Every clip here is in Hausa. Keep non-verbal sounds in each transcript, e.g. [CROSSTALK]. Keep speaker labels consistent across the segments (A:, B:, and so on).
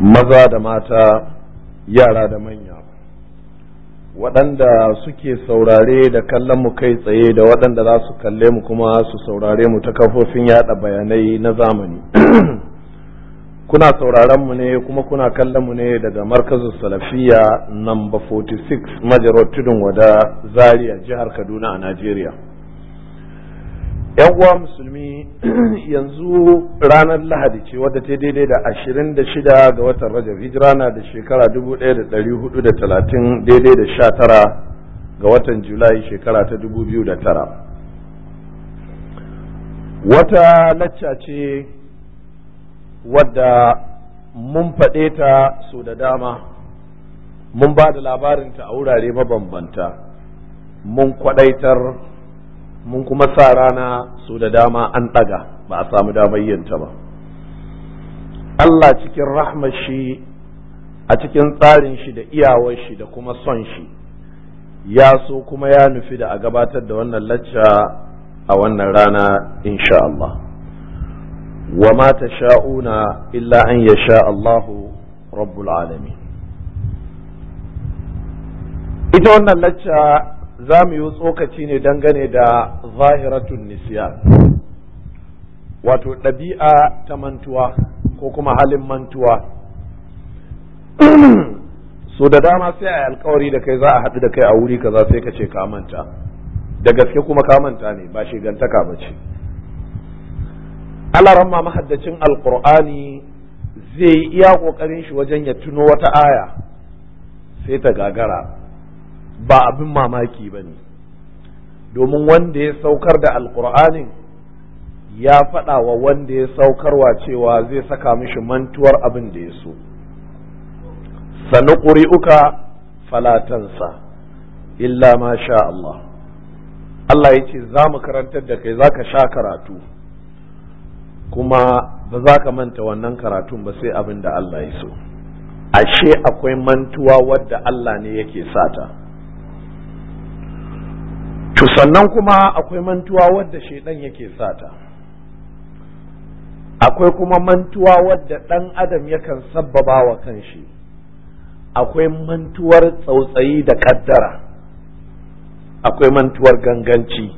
A: maza da mata yara da manya waɗanda suke saurare da kallon mu kai tsaye da waɗanda za su kalle mu kuma su saurare mu ta kafofin yaɗa bayanai na zamani [CLEARS THROAT] kuna sauraron mu ne kuma kuna kallon mu ne daga markazin salafiya number 46 majalar tudun wada zaria jihar kaduna a najeriya yan uwa musulmi [CLEARS THROAT] yanzu ranar lahadi ce wadda ta daidai da ashirin da shida ga watan rajab hijira na da shekara dubu ɗaya da ɗari hudu da talatin daidai da sha tara ga watan julai shekara ta dubu biyu da tara wata lacca ce wadda mun faɗe ta so da dama mun ba da labarinta a wurare mabambanta mun kwaɗaitar mun kuma sa rana su da dama an ɗaga ba a samu damar yanta ba Allah cikin rahmar shi a cikin tsarin shi da iyawar shi da kuma son shi ya so kuma ya nufi da a gabatar da wannan lacca a wannan rana insha Allah wa mata sha'una illa an ya sha Allahu rabbul alami ita wannan lacca za mu yi tsokaci ne dangane da zahiratun nisiya wato ɗabi'a ta mantuwa ko kuma halin mantuwa so da dama sai a alkawari da kai za a haɗu da kai a wuri kaza sai ka ce ka manta da gaske kuma ka manta ne ba shigantaka ba ce ma mahaddacin alkur'ani zai iya ƙoƙarin shi wajen ya tuno wata aya sai ta gagara ba abin mamaki ba ne domin wanda ya saukar da alkur'anin ya faɗa wa wanda ya saukarwa cewa zai saka mishi mantuwar abin da ya so sanu ƙuri'uka falatansa illa ma sha Allah Allah ya ce za mu karantar da kai za ka sha karatu kuma ba za ka manta wannan karatun ba sai abin da Allah ya so ashe akwai mantuwa wadda Allah ne yake sata to sannan kuma akwai mantuwa wadda shaidan yake sata akwai kuma mantuwa wadda ɗan adam yakan sabbaba wa kanshi akwai mantuwar tsautsayi da ƙaddara akwai mantuwar ganganci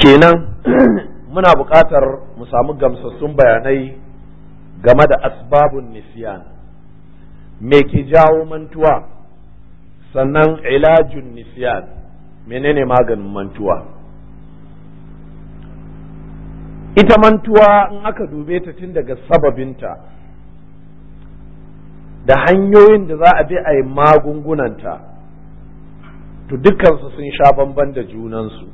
A: kenan [CLEARS THROAT] muna buƙatar mu samu gamsassun bayanai game da asbabun nisiyan me ke jawo mantuwa sannan ilajun nisiyan menene maganin mantuwa ita mantuwa in aka dube ta tun daga sababinta da hanyoyin da za a bi a yi magungunanta to dukansu sun sha bamban da junansu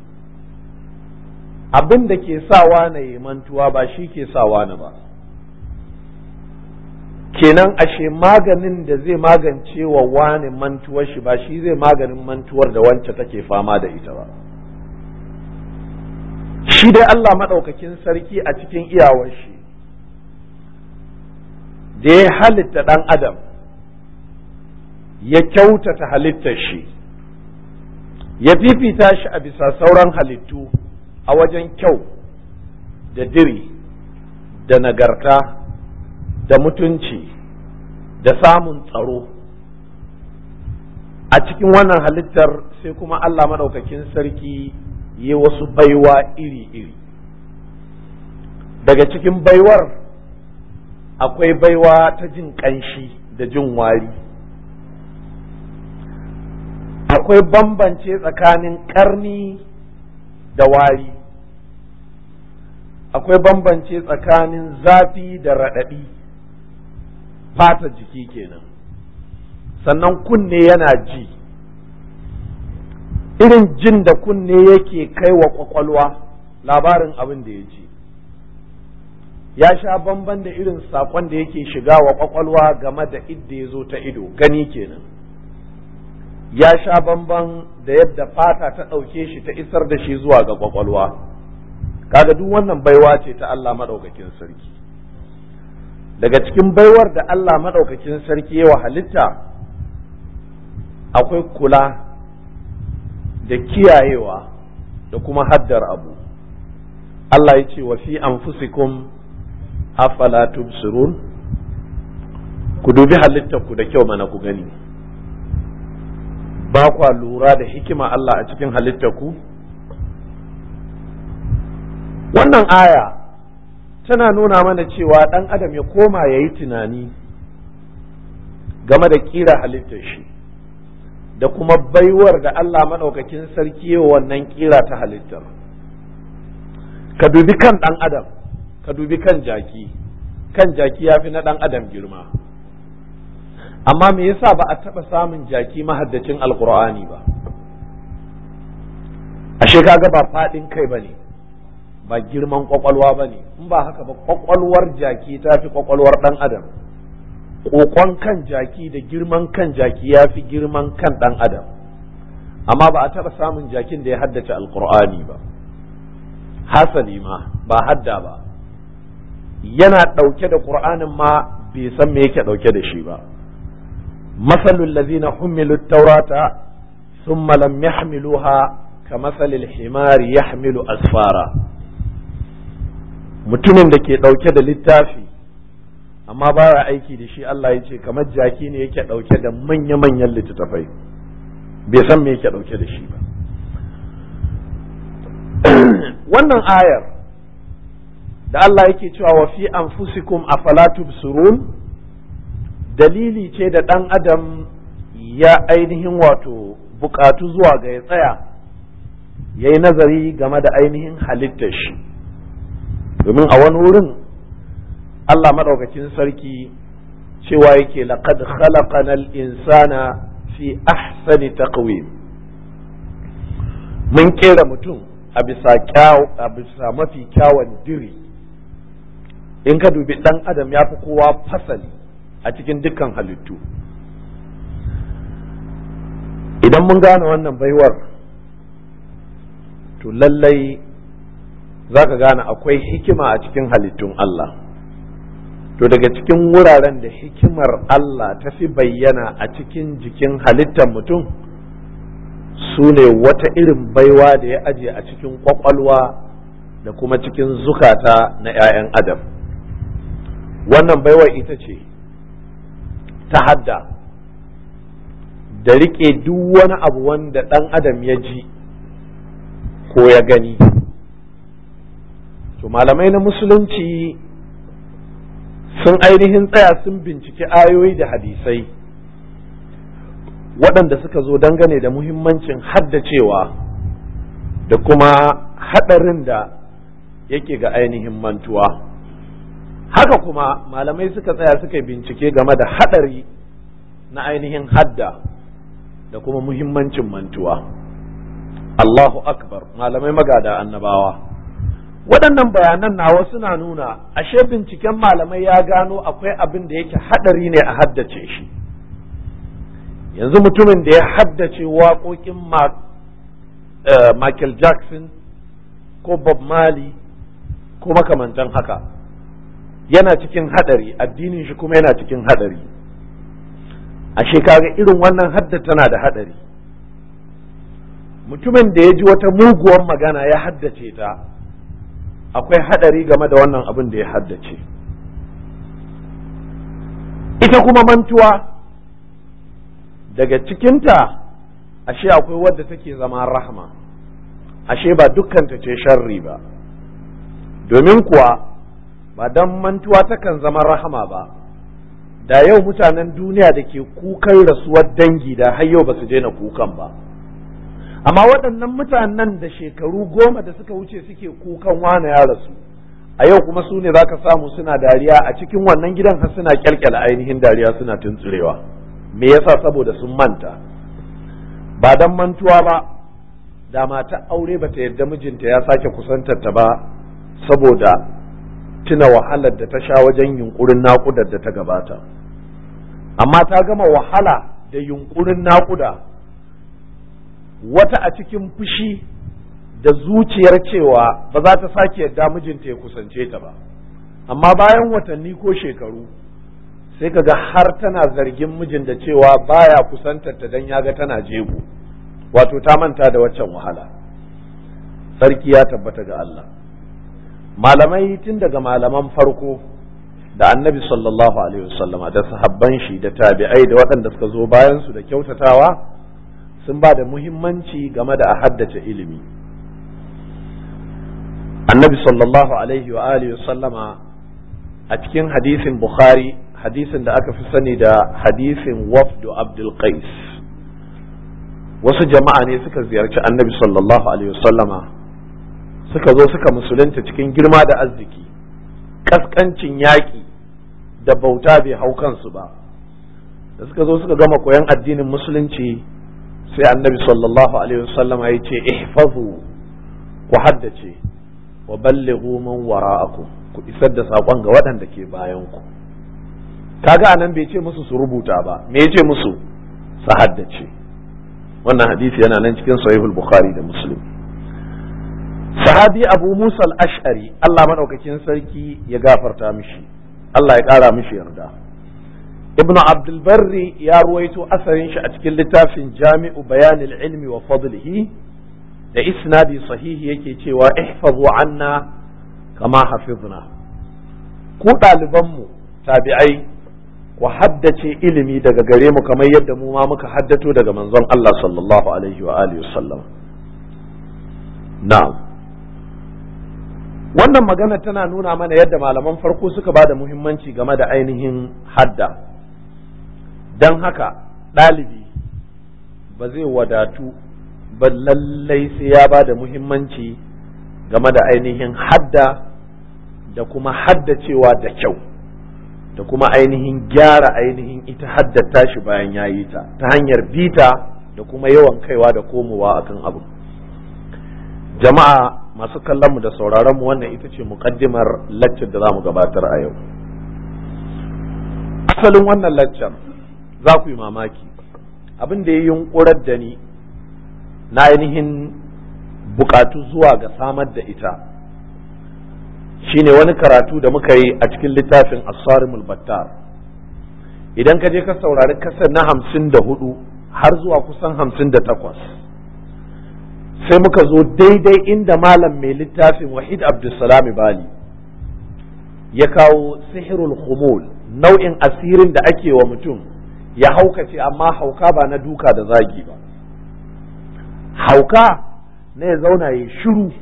A: abin da ke sawa na yi mantuwa ba shi ke sawa na ba kenan ashe maganin da zai magance wa wani mantuwar shi ba shi zai maganin mantuwar da wance take fama da ita ba shi dai Allah maɗaukakin sarki a cikin iyawar shi da ya halitta ɗan adam ya kyautata halittar shi ya fifita shi a bisa sauran halittu a wajen kyau da diri da nagarta da mutunci da samun tsaro a cikin wannan halittar sai kuma Allah maɗaukakin sarki yi wasu baiwa iri-iri daga cikin baiwar akwai baiwa ta jin ƙanshi da jin wari akwai bambance tsakanin ƙarni da wari akwai bambance tsakanin zafi da raɗaɗi fata jiki kenan sannan kunne yana ji irin jin da kunne yake kai wa kwakwalwa labarin abin da ya ji ya sha bamban da irin sakon da yake shiga wa kwakwalwa game da idda ya zo ta ido gani kenan ya sha bamban da yadda fata ta ɗauke shi ta isar da shi zuwa ga kwakwalwa kaga duk wannan baiwa ce ta Allah maɗaukakin sarki daga cikin baiwar da Allah maɗaukakin sarki ya halitta akwai kula da kiyayewa da kuma haddar abu Allah ya ce wa fi anfusikum afala tubsirun ku dubi halittar ku da kyau mana ku gani ba kwa lura da hikima Allah a cikin halittarku wannan aya tana nuna mana cewa ɗan adam ya koma ya yi tunani game da ƙira halittar shi da kuma baiwar da Allah maɗaukakin sarki wannan ƙira ta halittar ka dubi kan ɗan adam ka dubi kan jaki kan jaki ya fi na ɗan adam girma amma me yasa ba a taɓa samun jaki mahaddacin Alƙur'ani ba ashe kaga ba faɗin kai ba ne ba girman kwakwalwa ba ne in ba haka ba kwakwalwar jaki ta fi kwakwalwar ɗan adam kokon kan jaki da girman kan jaki ya fi girman kan ɗan adam amma ba a taɓa samun jakin da ya haddace Alƙur'ani ba hasali ma ba hadda ba yana ɗauke da ƙur'anin ma bai san me yake ɗauke da shi ba masalul lazina humilu taurata thumma lam yahmiluha ka masalil himari yahmilu asfara mutumin da ke ɗauke da littafi amma ba ya aiki da shi Allah ya ce kamar jaki ne yake ɗauke da manya-manyan littattafai bai san me yake ɗauke da shi ba [CLEARS THROAT] wannan ayar da Allah yake cewa wa fi anfusikum afala tubsirun dalili ce da ɗan adam ya ainihin wato bukatu zuwa ga ya tsaya ya yi nazari game da ainihin halittar shi domin a wani wurin Allah maɗaukacin sarki cewa yake laqad khalaqana al-insana fi ahsani taqwim mun kera mutum a bisa a bisa mafi kyawun diri in ka dubi dan adam ya fi kowa fasali a cikin dukkan halittu idan mun gane wannan baiwar to lallai za ka gane akwai hikima a cikin halittun Allah to daga cikin wuraren da hikimar Allah ta fi bayyana a cikin jikin halittar mutum su ne wata irin baiwa da ya aje a cikin kwakwalwa da kuma cikin zukata na 'ya'yan adam wannan baiwar ita ce ta hadda da riƙe duk wani abu wanda ɗan adam ya ji ko ya gani to malamai na musulunci sun ainihin tsaya sun binciki ayoyi da hadisai waɗanda suka zo dangane da muhimmancin haddacewa da kuma haɗarin da yake ga ainihin mantuwa haka kuma malamai suka tsaya suka bincike game da haɗari na ainihin hadda da kuma muhimmancin mantuwa Allahu akbar malamai magada annabawa waɗannan bayanan nawa suna nuna ashe binciken malamai ya gano akwai abin da yake haɗari ne a haddace shi yanzu mutumin da ya haddace waƙoƙin eh, Michael Jackson ko Bob Marley ko makamantan haka yana cikin haɗari addinin shi kuma yana cikin haɗari ashe kaga irin wannan hadda tana da haɗari mutumin da ya ji wata muguwar magana ya haddace ta akwai hadari game da wannan abin da ya haddace ita kuma mantuwa daga cikinta ashe akwai wadda take zama rahama ashe ba dukkanta ce sharri ba domin kuwa ba dan mantuwa takan zama rahama ba da yau mutanen duniya da ke kukan rasuwar dangi da har yau ba su daina kukan ba amma waɗannan mutanen da shekaru goma da suka wuce suke kukan wane ya rasu a yau kuma su ne za ka samu suna dariya a cikin wannan gidan har suna kyalkyala ainihin dariya suna tuntsurewa me yasa saboda sun manta ba dan mantuwa ba da mata aure bata yarda mijinta ya sake kusantar ta ba saboda tuna wahalar da ta sha wajen yunkurin naƙudar da ta gabata amma ta gama wahala da yunkurin naƙuda wata a cikin fushi da zuciyar cewa ba za ta sake yadda mijinta ya kusance ta ba amma bayan watanni ko shekaru sai kaga har tana zargin mijin da cewa baya kusantar ta dan yaga tana jego wato ta manta da waccan wahala sarki ya tabbata ga Allah malamai tun daga malaman farko da annabi sallallahu alaihi wasallama da sahabban shi da tabi'ai da waɗanda suka zo bayan su da kyautatawa sun ba da muhimmanci game da a haddace ilimi annabi sallallahu alaihi wa alihi sallama a cikin hadisin bukhari hadisin da aka fi sani da hadisin wafdu abdul qais wasu jama'a ne suka ziyarci annabi sallallahu alaihi sallama suka zo suka musulunta cikin girma da arziki kaskancin yaƙi da bauta bai hau kansu ba da suka zo suka gama koyan addinin musulunci sai annabi sallallahu alaihi wasallam ya ce ihfazu ku haddace wa ballighu man wara'akum ku isar da sakon ga waɗanda ke bayan ku kaga anan bai ce musu su rubuta ba me yace musu su haddace wannan hadisi yana nan cikin sahihul bukhari da muslim sahabi abu musa al-ash'ari Allah madaukakin sarki ya gafarta mishi Allah ya kara mishi yarda ibn abdulbarri ya ruwaito asarin shi a cikin littafin jami'u bayanin ilmi wa fadlihi da isnadi sahihi yake cewa ihfazu anna kama hafizna ku ɗalibanmu tabi'ai ku haddace ilimi daga gare mu kamar yadda mu ma muka haddato daga manzon Allah sallallahu na'am wannan magana tana nuna mana yadda malaman farko suka ba da muhimmanci game da ainihin hadda don haka ɗalibi ba zai wadatu ba lallai sai ya ba da muhimmanci game da ainihin hadda da kuma haddacewa da kyau da kuma ainihin gyara ainihin ita haddata shi bayan ya yi ta ta hanyar bita da kuma yawan kaiwa da komowa akan abu jama'a masu kallon kallonmu da sauraronmu wannan ita ce muƙaddimar laccar da za mu gabatar a yau asalin wannan laccar za ku yi mamaki abin da ya yunkurar da ni na ainihin bukatu zuwa ga samar da ita shine wani karatu da muka yi a cikin littafin asarimul battar idan ka je ka saurari kasar na hamsin da hudu har zuwa kusan hamsin da takwas sai muka zo daidai inda malam mai littafin wahid abdulsalam bali ya kawo sihirul khumul nau'in asirin da ake wa mutum ya haukace amma hauka ba na duka da zagi ba hauka na ya zauna ya shiru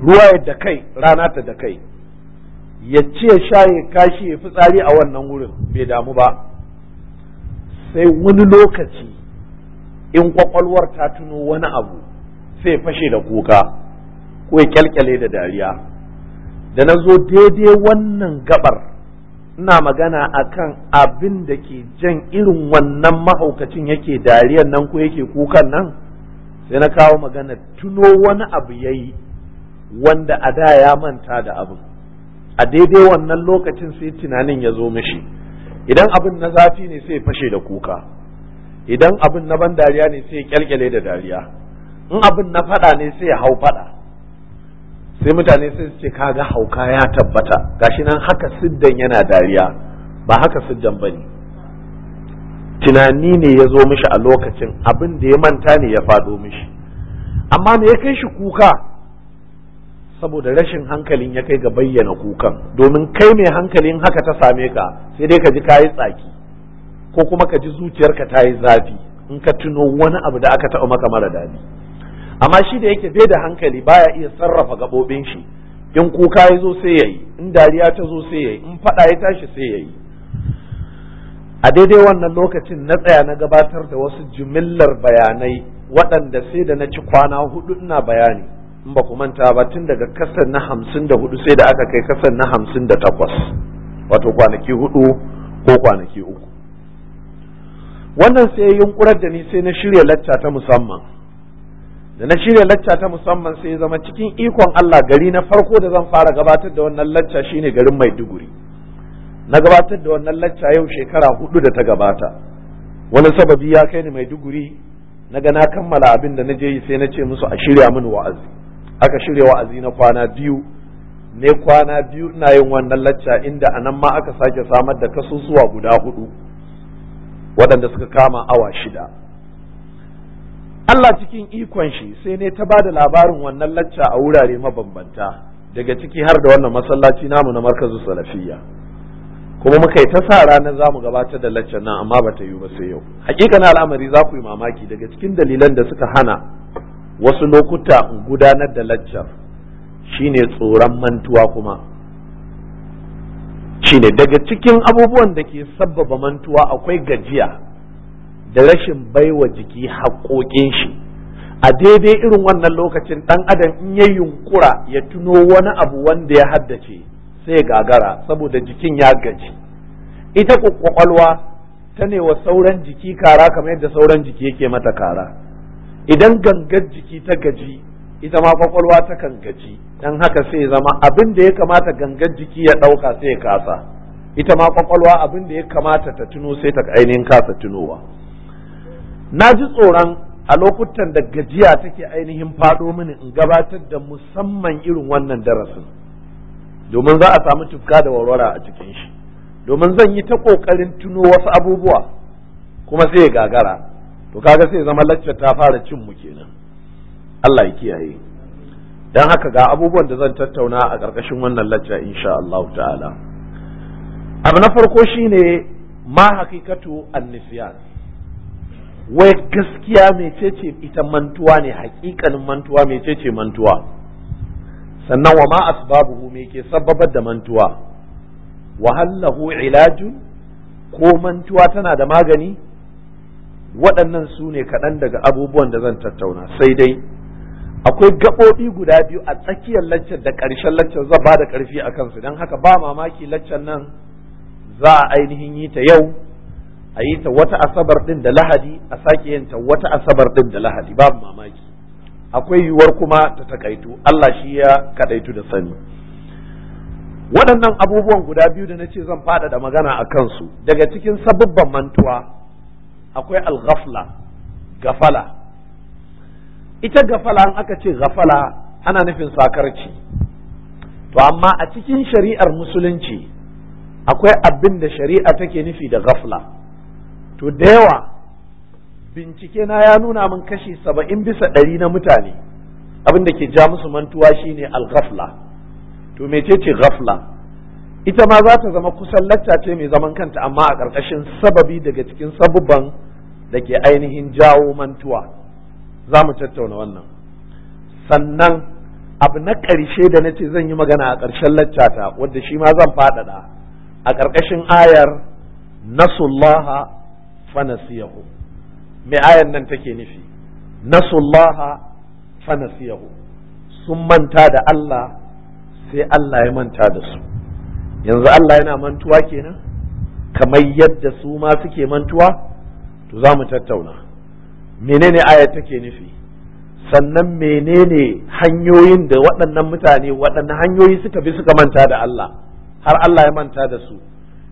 A: ruwa ya da kai rana ta da kai ya ce ya kashi ya fitsari a wannan wurin bai damu ba sai wani lokaci in kwakwalwar ta tuno wani abu sai fashe da kuka ko ya kyalkyale da dariya da na zo daidai wannan gabar ina magana akan abin da ke jan irin wannan mahaukacin yake dariyan nan ko yake kukan nan sai na kawo magana tuno wani abu ya yi wanda a da ya manta da abin a daidai wannan lokacin sai tunanin ya zo mishi idan abin na zafi ne sai fashe da kuka idan abin na ban dariya ne sai kyalkyale da dariya in abin na fada ne sai ya hau fada sai mutane sai su ce kaga hauka ya tabbata gashi nan haka siddan yana dariya ba haka siddan bane tunani ne ya zo mishi a lokacin abin da ya manta ne ya fado mishi amma me ya kai shi kuka saboda rashin hankalin ya kai ga bayyana kukan domin kai mai hankalin haka ta same ka sai dai ka ji kayi tsaki ko kuma ka ji zuciyarka ta yi zafi in ka tuno wani abu da aka taɓa maka mara daɗi amma shi da yake bai da hankali baya iya sarrafa gabobin shi in kuka ya zo sai yayi in dariya ta zo sai yayi in fada ya tashi sai yayi a daidai wannan lokacin na tsaya na gabatar da wasu jimillar bayanai waɗanda sai da na ci kwana hudu ina bayani in ba ku manta ba tun daga kasar na hamsin da hudu sai da aka kai kasar na hamsin da takwas wato kwanaki hudu ko kwanaki uku wannan sai yunkurar da ni sai na shirya lacca ta musamman da na shirya lacca ta musamman sai ya zama cikin ikon Allah gari na farko da zan fara gabatar da wannan lacca shine garin Maiduguri na gabatar da wannan lacca yau shekara hudu da ta gabata wani sababi ya kai ni Maiduguri na ga na kammala abin da na je yi sai na ce musu a shirya mini wa'azi aka shirya wa'azi na kwana biyu ne kwana biyu na yin wannan lacca inda a nan ma aka sake samar da kasusuwa guda hudu waɗanda suka kama awa shida Allah cikin ikon shi sai ne ta ba da labarin wannan lacca a wurare mabambanta daga ciki har da wannan masallaci namu na markazu salafiyya kuma muka yi ta sa ranar za mu gabatar da laccar nan amma ba ta yi ba sai yau hakika na al'amari za ku yi mamaki daga cikin dalilan da suka hana wasu lokuta gudanar da laccar shine tsoron mantuwa kuma shine daga cikin abubuwan da ke sabbaba mantuwa akwai gajiya da rashin baiwa jiki haƙoƙin shi a daidai irin wannan lokacin ɗan adam in ya yunkura ya tuno wani abu wanda ya haddace sai gagara saboda jikin ya gaji ita kwakwalwa ta ne wa sauran jiki kara kamar yadda sauran jiki yake mata kara idan gangar jiki ta gaji ita ma kwakwalwa ta kan gaji dan haka sai zama abin da ya kamata gangar jiki ya ɗauka sai ya kasa ita ma kwakwalwa abin da ya kamata ta tuno sai ta ainihin kasa tunowa na ji tsoron a lokutan da gajiya take ainihin faɗo mini in gabatar da musamman irin wannan darasin domin za a samu tufka da warwara a cikin shi domin zan yi ta ƙoƙarin tuno wasu abubuwa kuma sai ya gagara to kaga sai zama lacca ta fara cin mu kenan Allah ya kiyaye dan haka ga abubuwan da zan tattauna a ƙarƙashin wannan lacca insha Allah ta'ala abu na farko shine ma hakikatu an wai gaskiya mecece ita mantuwa ne hakikanin mantuwa mecece mantuwa sannan wa ma asbabuhu me ke sababar da mantuwa wa hallahu ilajun ko mantuwa tana da magani waɗannan su ne kaɗan daga abubuwan da zan tattauna sai dai akwai gaɓoɓi guda biyu a tsakiyar laccar da ƙarshen laccar zan ba da ƙarfi a kansu don haka ba mamaki laccar nan za a ainihin yi ta yau a yi ta wata asabar din da lahadi a sake yin ta wata asabar din da lahadi babu mamaki akwai yiwuwar kuma ta takaitu Allah shi ya kadaitu da sani waɗannan abubuwan guda biyu da na ce zan da magana a kansu daga cikin sabubban mantuwa akwai alghafla gafala ita gafala in aka ce gafala ana nufin sakarci to amma a cikin shari'ar musulunci akwai abin da shari'a take nufi da gafla to da yawa bincike na ya nuna min kashi saba'in bisa ɗari na mutane abinda ke ja musu mantuwa shine al-ghafla to mecece ghafla ita ma za ta zama kusan lacca ce mai zaman kanta amma a ƙarƙashin sababi daga cikin sabubban da ke ainihin jawo mantuwa za mu tattauna wannan sannan abu na ƙarshe da na ce zan yi magana a ƙarshen laccata wadda shi ma zan faɗaɗa a ƙarƙashin ayar nasullaha fanasiyahu me ayan nan take nufi nasullaha fanasiyahu sun manta da Allah sai Allah ya manta da su yanzu Allah yana mantuwa kenan kamar yadda su ma suke mantuwa to za mu tattauna menene ayat take nufi sannan menene hanyoyin da waɗannan mutane waɗannan hanyoyi suka bi suka manta da Allah har Allah ya manta da su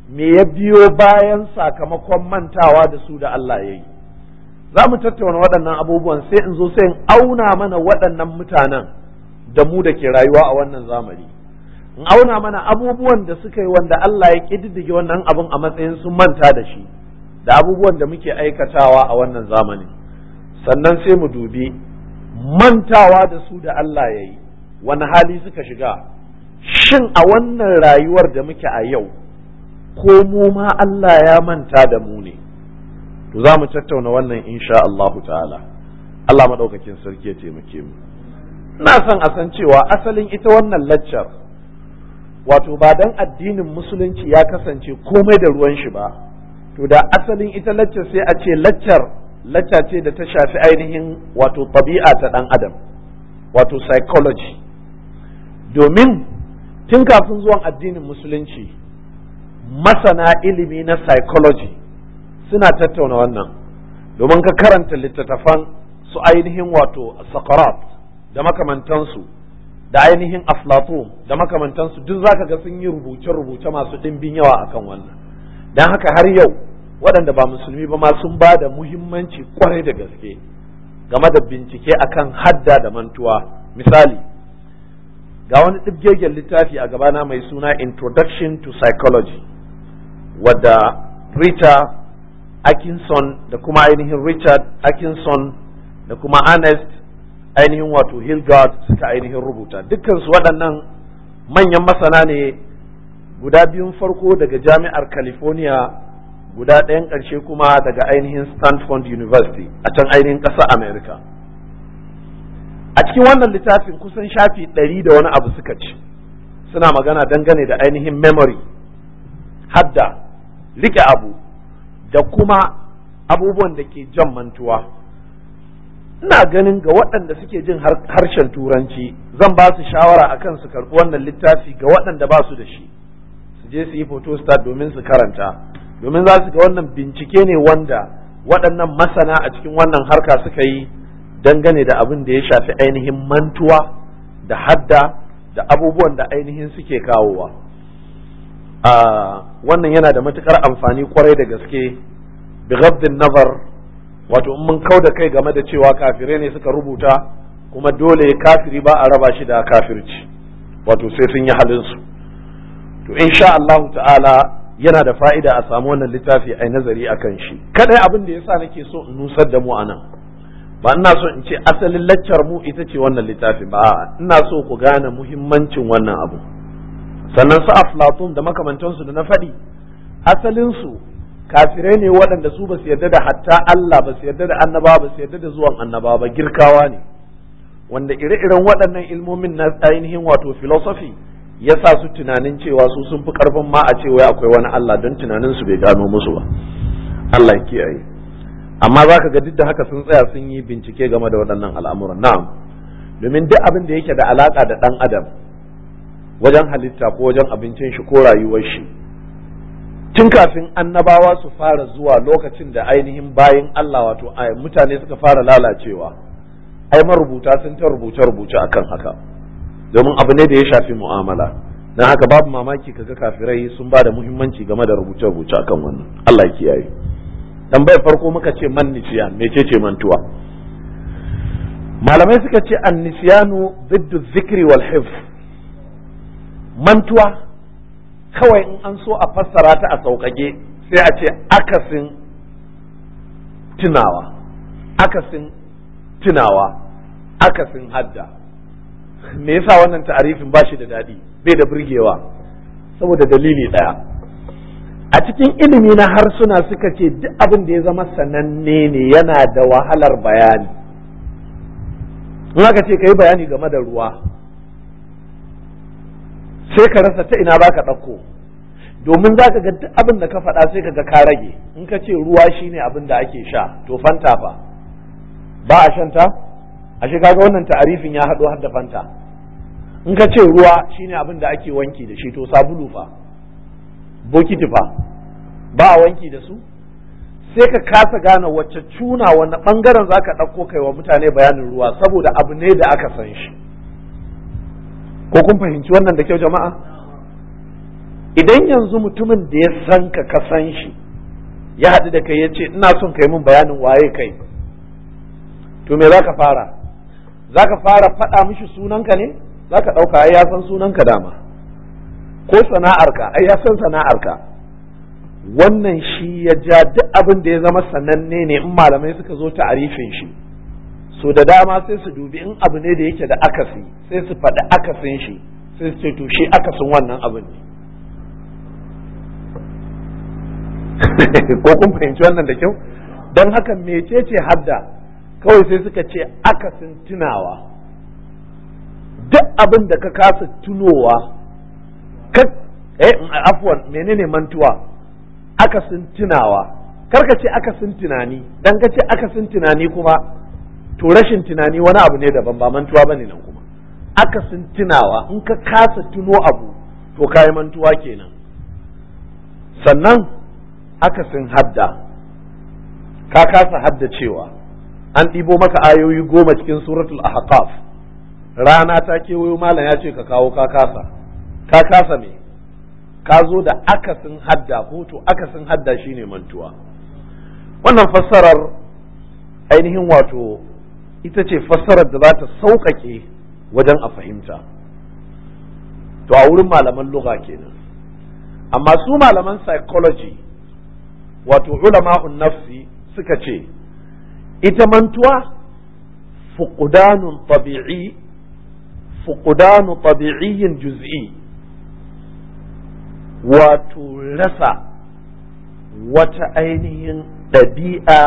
A: me ya biyo bayan sakamakon mantawa da su da Allah ya yi za mu tattauna waɗannan abubuwan sai in zo sai in auna mana waɗannan mutanen da mu da ke rayuwa a wannan zamani in auna mana abubuwan da suka yi wanda Allah ya ƙididdige wannan abin a matsayin sun manta da shi da abubuwan da muke aikatawa a wannan zamani sannan sai mu dubi mantawa da su da Allah ya yi wani hali suka shiga shin a wannan rayuwar da muke a yau ko mu ma Allah ya manta da mu ne to za mu tattauna wannan insha Allahu ta'ala Allah madaukakin sarki ya taimake mu ina son a san cewa asalin ita wannan laccar wato ba dan addinin musulunci ya kasance komai da ruwan shi ba to da asalin ita laccar sai a ce laccar lacca ce da ta shafi ainihin wato tabi'a ta dan adam wato psychology domin tun kafin zuwan addinin musulunci masana ilimi na psychology suna tattauna wannan domin ka karanta littattafan su ainihin wato sakarat da makamantansu da ainihin aflato da makamantansu duk zaka ga sun yi rubuce-rubuce masu ɗimbin yawa akan wannan don haka har yau waɗanda ba musulmi ba ma sun ba da muhimmanci kwarai da gaske game da bincike akan hadda da mantuwa misali ga wani ɗibgegen littafi a gabana mai suna introduction to psychology wadda Rita Atkinson da kuma ainihin Richard Atkinson da kuma Ernest ainihin wato Hilgard suka ainihin rubuta dukkansu waɗannan manyan masana ne guda biyun farko daga jami'ar California guda ɗayan ƙarshe kuma daga ainihin Stanford University a can ainihin ƙasa Amerika a cikin wannan littafin kusan shafi ɗari da wani abu suka ci suna magana dangane da ainihin memory hadda riƙe abu da kuma abubuwan da ke jan mantuwa ina ganin ga waɗanda suke jin harshen turanci zan ba su shawara a kan su karɓi wannan littafi ga waɗanda ba su da shi su je su yi photostat domin su karanta domin za su ga wannan bincike ne wanda waɗannan masana a cikin wannan harka suka yi dangane da abin da ya shafi ainihin mantuwa da hadda da abubuwan da ainihin suke kawowa Ah, wannan yana da matukar amfani kwarai da gaske bi ghabdin nazar wato in mun kauda kai game da cewa kafirai ne suka rubuta kuma dole kafiri ba a raba shi da kafirci wato sai sun yi halin su to insha Allah ta'ala yana da fa'ida a samu wannan littafi a nazari akan shi kadai abin da yasa nake so in nusar da mu anan ba ina so in ce asalin laccar mu ita ce wannan littafin ba ina so ku gane muhimmancin wannan abu sannan su aflatun da makamantansu da na faɗi asalinsu kafirai ne waɗanda su ba su yarda da hatta Allah ba su yarda da annaba ba su yarda da zuwan annaba ba girkawa ne wanda ire-iren waɗannan ilmomin na ainihin wato filosofi ya sa su tunanin cewa su sun fi ƙarfin ma a cewa akwai wani Allah don tunanin su bai gano musu ba Allah kiyaye amma za ka ga duk da haka sun tsaya sun yi bincike game da waɗannan al'amuran na'am domin duk abin da yake da alaƙa da ɗan adam wajen halitta ko wajen abincin shi ko rayuwar shi tun kafin annabawa su fara zuwa lokacin da ainihin bayan. Allah wato mutane suka fara lalacewa ai marubuta sun ta rubuce rubuce akan haka domin abu ne da ya shafi mu'amala don haka babu mamaki kaga kafirai sun ba da muhimmanci game da rubuce rubuce akan wannan Allah ya kiyaye tambayar farko muka ce man mecece mantuwa malamai suka ce annisiyanu biddu ziddu zikri wal hifz mantuwa kawai in an so a fassara ta a sauƙaƙe sai a ce akasin tunawa akasin tunawa akasin hadda me yasa wannan ta'arifin ba shi da daɗi bai da burgewa saboda dalili ɗaya a cikin ilimi na harsuna suka ce duk abin da ya zama sananne ne yana da wahalar bayani in aka ce ka yi bayani game da ruwa sai ka rasa ta ina baka ɗauko domin za ka ga duk abin da ka faɗa sai ka ga ka rage in ka ce ruwa shine abin da ake sha to fanta fa ba a shanta shi kaga wannan ta'arifin ya haɗo har da fanta in ka ce ruwa shine abin da ake wanki da shi to sabulu fa bokiti fa ba a wanki da su sai ka kasa gane wacce cuna wani bangaren za ka ɗauko kai wa mutane bayanin ruwa saboda abu ne da aka san shi ko kun fahimci wannan da kyau jama'a idan yanzu mutumin da ya san ka ka san shi ya haɗu da kai ya ce ina son kai min bayanin waye kai to me za ka fara za ka fara faɗa mishi sunanka ne za ka ɗauka ai ya san sunanka dama ko sana'arka ai ya san sana'arka wannan shi ya ja duk abin da ya zama sananne ne in malamai suka zo ta ta'arifin shi so da dama sai su dubi in abu ne da yake da akasi sai su faɗi akasin shi sai su ce to shi akasin wannan abin ne [LAUGHS] ko kun fahimci wannan da kyau don haka mecece hadda kawai sai suka ce akasin tunawa duk abin da ka kasa tunowa ka eh afwan menene mantuwa akasin tunawa karka ce akasin tunani dan ka ce akasin tunani kuma to rashin tunani wani abu ne daban ba mantuwa bane nan kuma akasin tunawa in ka kasa tuno abu to kayi mantuwa kenan sannan akasin hadda ka kasa hadda cewa an ɗibo maka ayoyi goma cikin suratul ahqaf rana ta kewayo malam ya ce ka kawo ka kasa ka kasa me ka zo da akasin hadda ko to akasin hadda shine mantuwa wannan fassarar ainihin wato ita ce fassarar da za ta sauƙaƙe wajen a fahimta to a wurin malaman luga kenan amma su malaman psychology wato ulama'un nafsi suka ce ita mantuwa fuqdanun tabi'i fuqdanu tabi'iyyin juz'i wato rasa wata ainihin ɗabi'a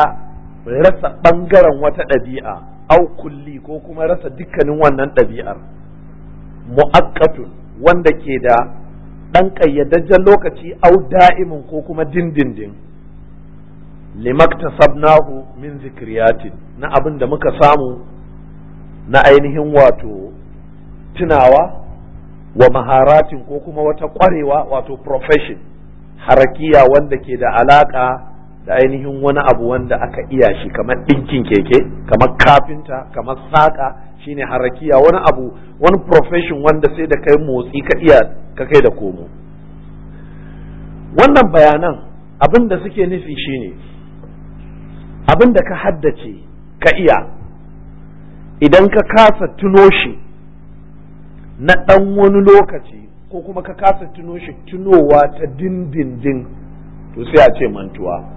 A: rasa ɓangaren wata ɗabi'a au kulli ko kuma rasa dukkanin wannan ɗabi'ar mu'akkatun wanda ke da ɗan ƙayyadajjen lokaci au da'imin ko kuma dindindin limaktasabnahu min zikriyatin na abin da muka samu na ainihin wato tunawa wa maharatin ko kuma wata ƙwarewa wato profession harakiya wanda ke da alaƙa da ainihin wani abu wanda aka iya shi kamar ɗinkin keke kamar kafinta kamar saƙa shine harakiya wani abu wani profession wanda sai da kai motsi ka iya ka kai da komo wannan bayanan abin da suke nufi shine abin da ka haddace ka iya idan ka kasa tuno shi na ɗan wani lokaci ko kuma ka kasa tuno shi tunowa ta dindindin to sai a ce mantuwa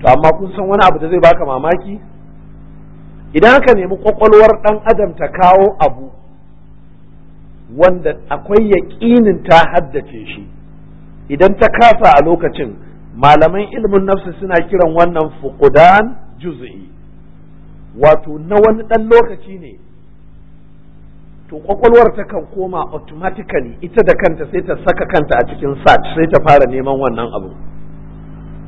A: to amma kun san wani abu da zai baka mamaki idan aka nemi kwakwalwar ɗan adam ta kawo abu wanda akwai yaƙinin ta haddace shi idan ta kasa a lokacin malaman ilimin nafsi suna kiran wannan fukudan juz'i wato na wani ɗan lokaci ne to kwakwalwar ta kan koma automatically ita da kanta sai ta saka kanta a cikin search sai ta fara neman wannan abu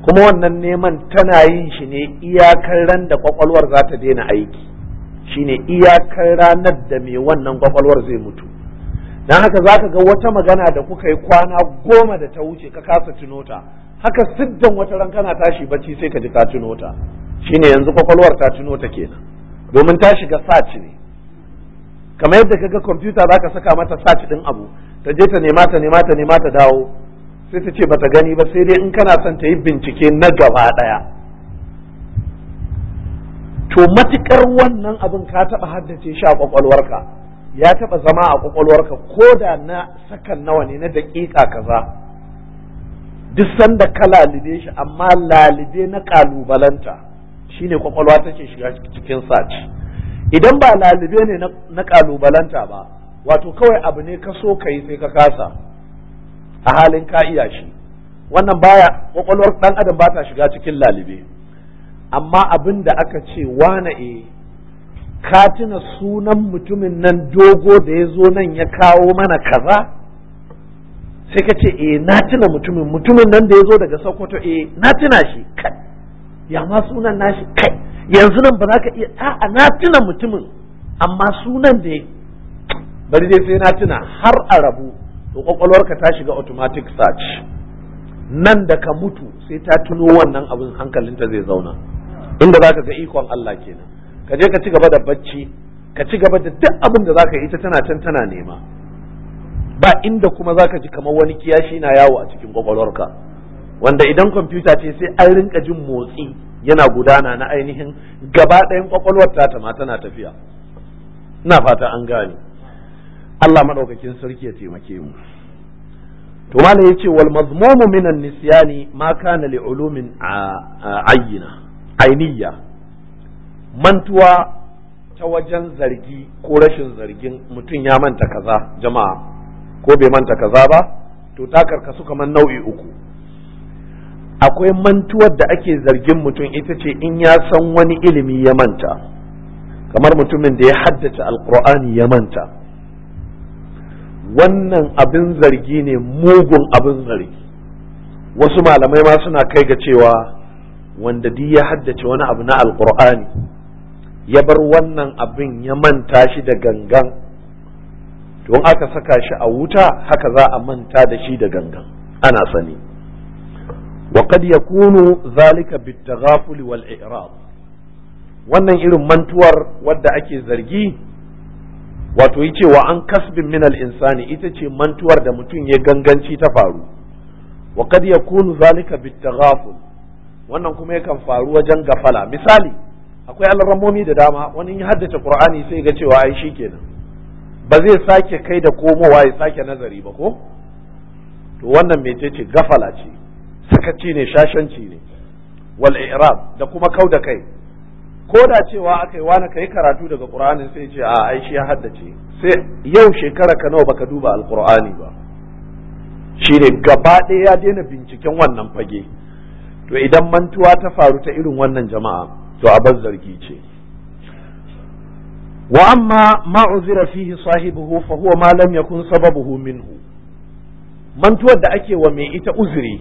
A: kuma wannan neman tana yin shi ne iyakar ran da kwakwalwar za ta daina aiki Shi ne iyakar ranar da mai wannan kwakwalwar zai mutu don haka za ka ga wata magana da kuka yi kwana goma da ta wuce ka kasa tunota haka siddan wata ran kana tashi bacci sai ka ji ka tunota Shi ne yanzu kwakwalwar ta tunota kenan domin ta shiga saci ne kamar yadda ka ga kwamfuta za ka saka mata saci ɗin abu ta je ta nema ta nema ta nema ta dawo sai ta ce ba ta gani ba sai dai in kana son ta yi bincike na gaba ɗaya to matukar wannan abin ka taɓa haddace shi a ƙwaƙwalwarka ya taɓa zama a ƙwaƙwalwarka ko da na sakan nawa ne na daƙiƙa kaza duk sanda ka lalibe shi amma lalibe na ƙalubalanta shi ne ƙwaƙwalwa take shiga cikin saci idan ba lalibe ne na ƙalubalanta ba wato kawai abu ne ka so ka yi sai ka kasa a halin ka iya shi wannan baya kwakwalwar dan adam ba ta shiga cikin lalibe amma abin da aka ce wane e ka tuna sunan mutumin nan dogo da ya zo nan ya kawo mana kaza sai ka ce eh na tuna mutumin mutumin nan da ya zo daga sokoto eh na tuna shi kai ya ma sunan nashi kai yanzu nan ba za ka iya a'a na tuna mutumin amma sunan da bari dai sai na tuna har a rabu to kwakwalwarka ta shiga automatic search nan da ka mutu sai ta tuno wannan abin hankalinta zai zauna inda zaka ga ikon Allah kenan ka je ka ci gaba da bacci ka ci gaba da duk abin da zaka yi ita tana can tana nema ba inda kuma zaka ji kamar wani kiyashi na yawo a cikin kwakwalwarka wanda idan kwamfuta ce sai an rinka jin motsi yana gudana na ainihin gaba ɗayan kwakwalwar ta ma tana tafiya ina fata an gane Allah madaukakin sarki ya taimake mu to malam yace wal mazmumu minan nisyani ma kana li ulumin ayyina ainiya mantuwa ta wajen zargi ko rashin zargin mutum ya manta kaza jama'a ko bai manta kaza ba to ta karkasu kamar nau'i uku akwai mantuwar da ake zargin mutum ita ce in ya san wani ilimi ya manta kamar mutumin da ya haddace alkur'ani ya manta wannan abin zargi ne mugun abin zargi wasu malamai ma suna kai ga cewa wanda duk ya haddace wani abu na alkur'ani ya bar wannan abin ya manta shi da gangan don aka saka shi a wuta haka za a manta da shi da gangan ana sani wa kad yakunu zalika bitaghaful wal i'rab wannan irin mantuwar wadda ake zargi wato yi cewa an kasbin minal insani ita ce mantuwar da mutum ya ganganci ta faru wa kad kunu zalika bitaghaful wannan kuma yakan faru wajen gafala misali akwai alramomi da dama wani ya haddace qur'ani sai ga cewa ai kenan ba zai sake kai da komowa ya sake nazari ba ko to wannan mecece gafala ce sakaci ne shashanci ne wal i'rab da kuma kau da kai ko da cewa aka yi wani ka yi karatu daga qur'ani sai ce a ai shi ya haddace sai yau shekara ka nawa baka duba alqur'ani ba shi ne gaba ɗaya ya daina binciken wannan fage to idan mantuwa ta faru ta irin wannan jama'a to a bar zargi ce wa amma ma uzira fihi sahibuhu fa huwa ma lam yakun sababuhu minhu mantuwar da ake wa mai ita uzuri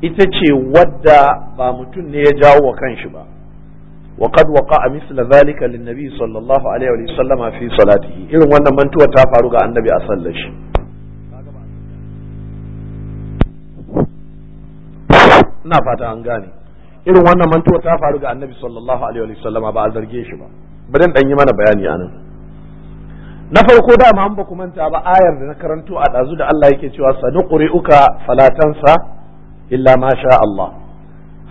A: ita ce wadda ba mutum ne ya jawo wa kanshi ba وقد وقع مثل ذلك للنبي صلى الله عليه وسلم في صلاته irin wannan mantuwa ta faru ga annabi a sallar shi ina fata an gane irin wannan mantuwa ta faru ga annabi sallallahu alaihi wasallam ba a zarge shi ba bari dan yi mana bayani anan na farko da ma ba ku manta ba ayar da na karanto a dazu da Allah yake cewa sanuqri'uka salatansa illa masha Allah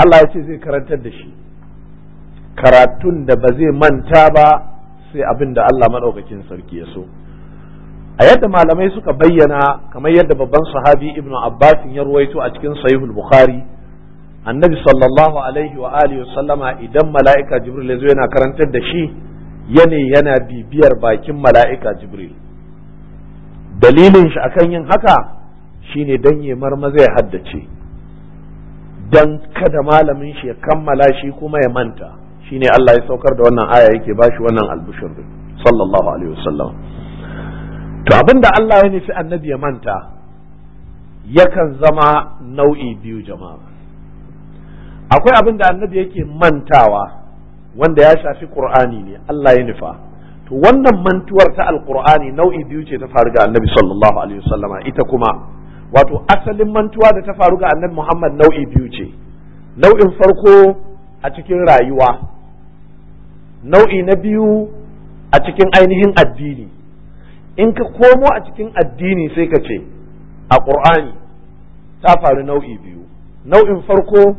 A: Allah ya ce zai karantar da shi karatun da ba zai manta ba sai abin da Allah maɗaukakin sarki ya so a yadda malamai suka bayyana kamar yadda babban sahabi Ibnu Abbas ya ruwaito a cikin sahihul bukhari annabi sallallahu alaihi wa alihi sallama idan mala'ika jibril ya zo yana karantar da shi yana yana bibiyar bakin mala'ika jibril dalilin shi akan yin haka shine dan ya marmaza ya haddace dan kada malamin shi ya kammala shi kuma ya manta shine Allah ya saukar da wannan aya yake bashi wannan albushir sallallahu alaihi wasallam to abinda Allah ya nufi annabi ya manta yakan zama nau'i biyu jama'a akwai abin da annabi yake mantawa wanda ya shafi qur'ani ne Allah ya nufa to wannan mantuwar ta alqur'ani nau'i biyu ce ta faru ga annabi sallallahu alaihi wasallam ita kuma wato asalin mantuwa da ta faru ga annabi Muhammad nau'i biyu ce nau'in farko a cikin rayuwa nau'i na biyu a cikin ainihin addini in ka komo a cikin addini sai ka ce a ƙur'ani ta faru nau'i biyu nau'in farko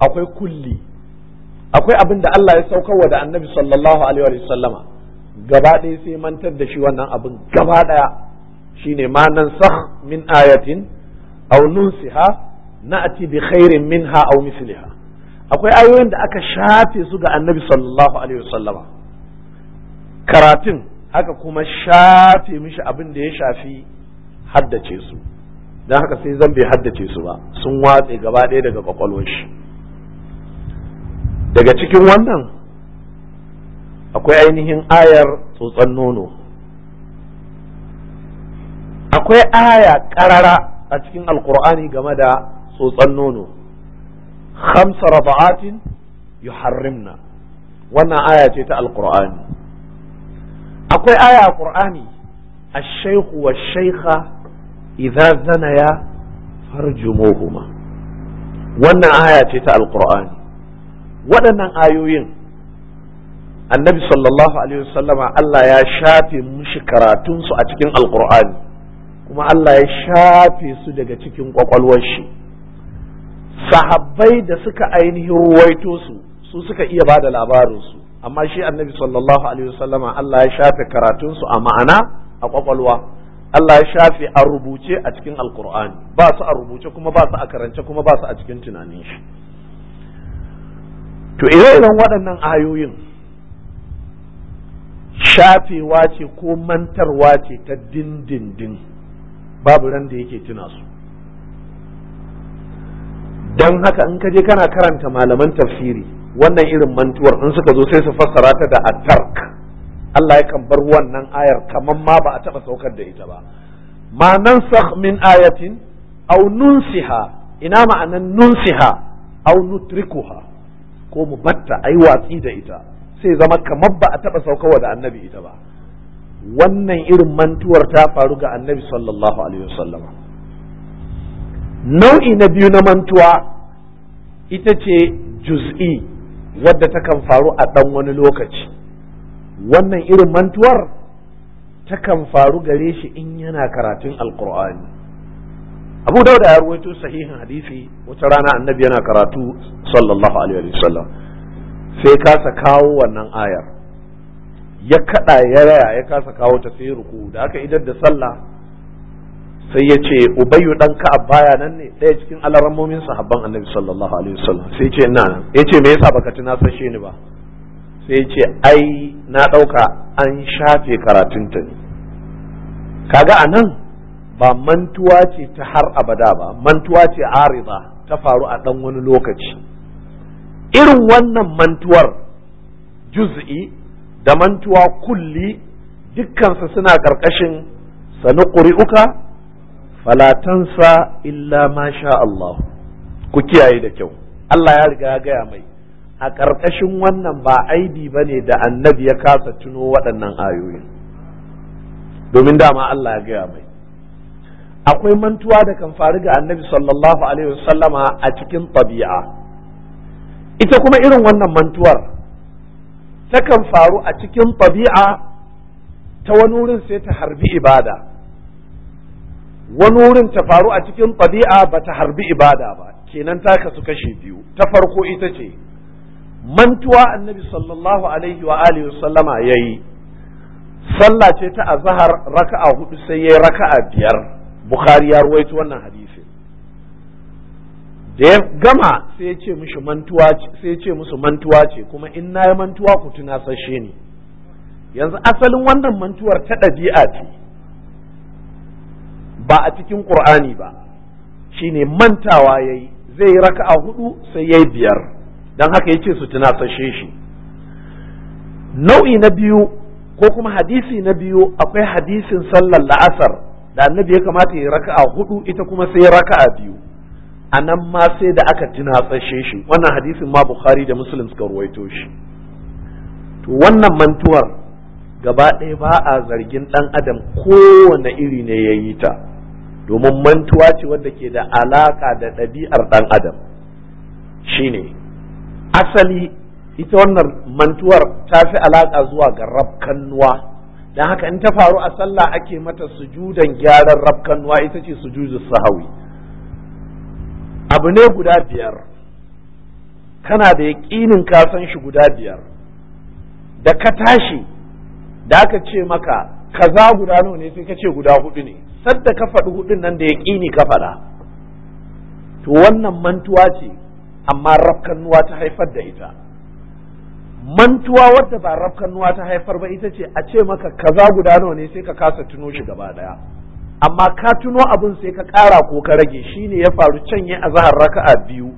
A: akwai kulli akwai abin da Allah ya saukarwa da annabi sallallahu alaihi wa sallama gaba ɗaya sai mantar da shi wannan abin gaba ɗaya ne ma nan sah min ayatin aw nusiha na bi khairin minha aw misliha akwai ayoyin da aka shafe su ga annabi sallallahu alaihi wasallama karatun haka kuma shafe mishi abin da ya shafi haddace su don haka sai zan bai haddace su ba sun watse gaba ɗaya daga kwakwalwar shi daga cikin wannan akwai ainihin ayar tsotson nono akwai aya ƙarara a cikin alkur'ani game da tsotson nono khamsa raba'atin yuharrimna wannan aya ce ta alqur'ani akwai aya a qur'ani الشيخ والشيخة إذا زنيا فارجموهما wannan aya ce ta alkur'ani waɗannan ayoyin annabi sallallahu alaihi wasallama Allah ya shafe mushi karatunsu a cikin alkur'ani kuma Allah ya shafe su daga cikin ƙwaƙwalwar shi sahabbai da suka ainihin ruwaito su su suka iya ba da labarinsu amma shi annabi sallallahu alaihi wasallama Allah ya shafe karatun su a ma'ana a kwakwalwa Allah ya shafe a rubuce a cikin alkur'ani ba su a rubuce kuma ba su a karance kuma ba su a cikin tunanin shi to ire waɗannan ayoyin shafewa ce ko mantarwa ce ta dindindin babu ran da yake tuna su don haka in ka je kana karanta malaman tafsiri wannan irin mantuwar in suka zo sai su fassara ta da atark Allah ya kan bar wannan ayar kamar ma ba a taba saukar da ita ba ma nansakh min ayatin aw nunsiha ina ma'anan nunsiha aw nutrikuha ko mu batta ai watsi da ita sai zama kamar ba a taba wa da annabi ita ba wannan irin mantuwar ta faru ga annabi sallallahu alaihi wasallam nau'i na biyu na mantuwa ita ce juz'i wadda takan faru a ɗan wani lokaci wannan irin mantuwar takan faru gare shi in yana karatun alkur'ani abu dauda ya ruwaito sahihin hadisi wata rana annabi yana karatu sallallahu alaihi wasallam sai kasa kawo wannan ayar ya kaɗa ya raya ya kasa kawo ta sai ruku da aka idar da sallah sai ya ce ubayyu dan ka'ab baya nan ne ɗaya cikin alarammomin sahabban annabi sallallahu alaihi wasallam sai ya ce ina nan ya ce me yasa baka shi ni ba sai ya ce ai na ɗauka an shafe karatun ta ne kaga a nan ba mantuwa ce ta har abada ba mantuwa ce arida ta faru a ɗan wani lokaci irin wannan mantuwar juz'i da mantuwa kulli dukkansa suna ƙarƙashin sanu ƙuri'uka Falatansa illa ma sha Allah ku kiyaye da kyau Allah ya riga ya gaya mai a ƙarƙashin wannan ba aibi ba ne da annabi ya kasa tuno waɗannan ayoyin domin dama Allah ya gaya mai akwai mantuwa da kan faru ga annabi sallallahu alaihi wasallama a cikin tabi'a ita kuma irin wannan mantuwar ta kan faru a cikin tabi'a ta wani wurin sai ta harbi ibada wani wurin ta faru a cikin ɗabi'a ba ta harbi ibada ba kenan ta kasu kashe biyu ta farko ita ce mantuwa annabi sallallahu alaihi wa alihi sallama yayi sallah ce ta azhar raka'a hudu sai yayi raka'a biyar bukhari ya ruwaito wannan hadisi da ya gama sai ya ce mishi mantuwa sai ya ce musu mantuwa ce kuma in na yi mantuwa ku tuna sashe ne yanzu asalin wannan mantuwar ta ɗabi'a ce ba a cikin qur'ani ba shine mantawa yayi zai yi raka'a hudu sai yayi biyar don haka ya ce su sashe shi nau'i na biyu ko kuma hadisi na biyu akwai hadisin sallar la'asar da annabi ya kamata ya raka'a hudu ita kuma sai raka'a biyu a nan ma sai da aka sashe shi wannan hadisin ma bukhari da muslim suka ruwaito shi to wannan mantuwar gaba ɗaya ba a zargin ɗan adam kowane iri ne ya yi ta domin mantuwa ce wadda ke da alaka da ɗabi'ar ɗan adam shine asali ita wannan mantuwar ta fi alaka zuwa ga rabkannuwa don haka in ta faru a sallah ake mata sujudan gyaran rabkannuwa ita ce sujudu sahawi abu ne guda biyar kana da yaƙinin kasan shi guda biyar da ka tashi da aka ce maka kaza guda nawa ne sai ka ce guda hudu ne sadda ka faɗi hudun nan da ya ƙini ka faɗa to wannan mantuwa ce amma rafkannuwa ta haifar da ita mantuwa wadda ba rafkannuwa ta haifar ba ita ce a ce maka kaza guda nawa ne sai ka kasa tuno shi gaba daya amma ka tuno abin sai ka ƙara ko ka rage shine ya faru can ya zahar raka'a biyu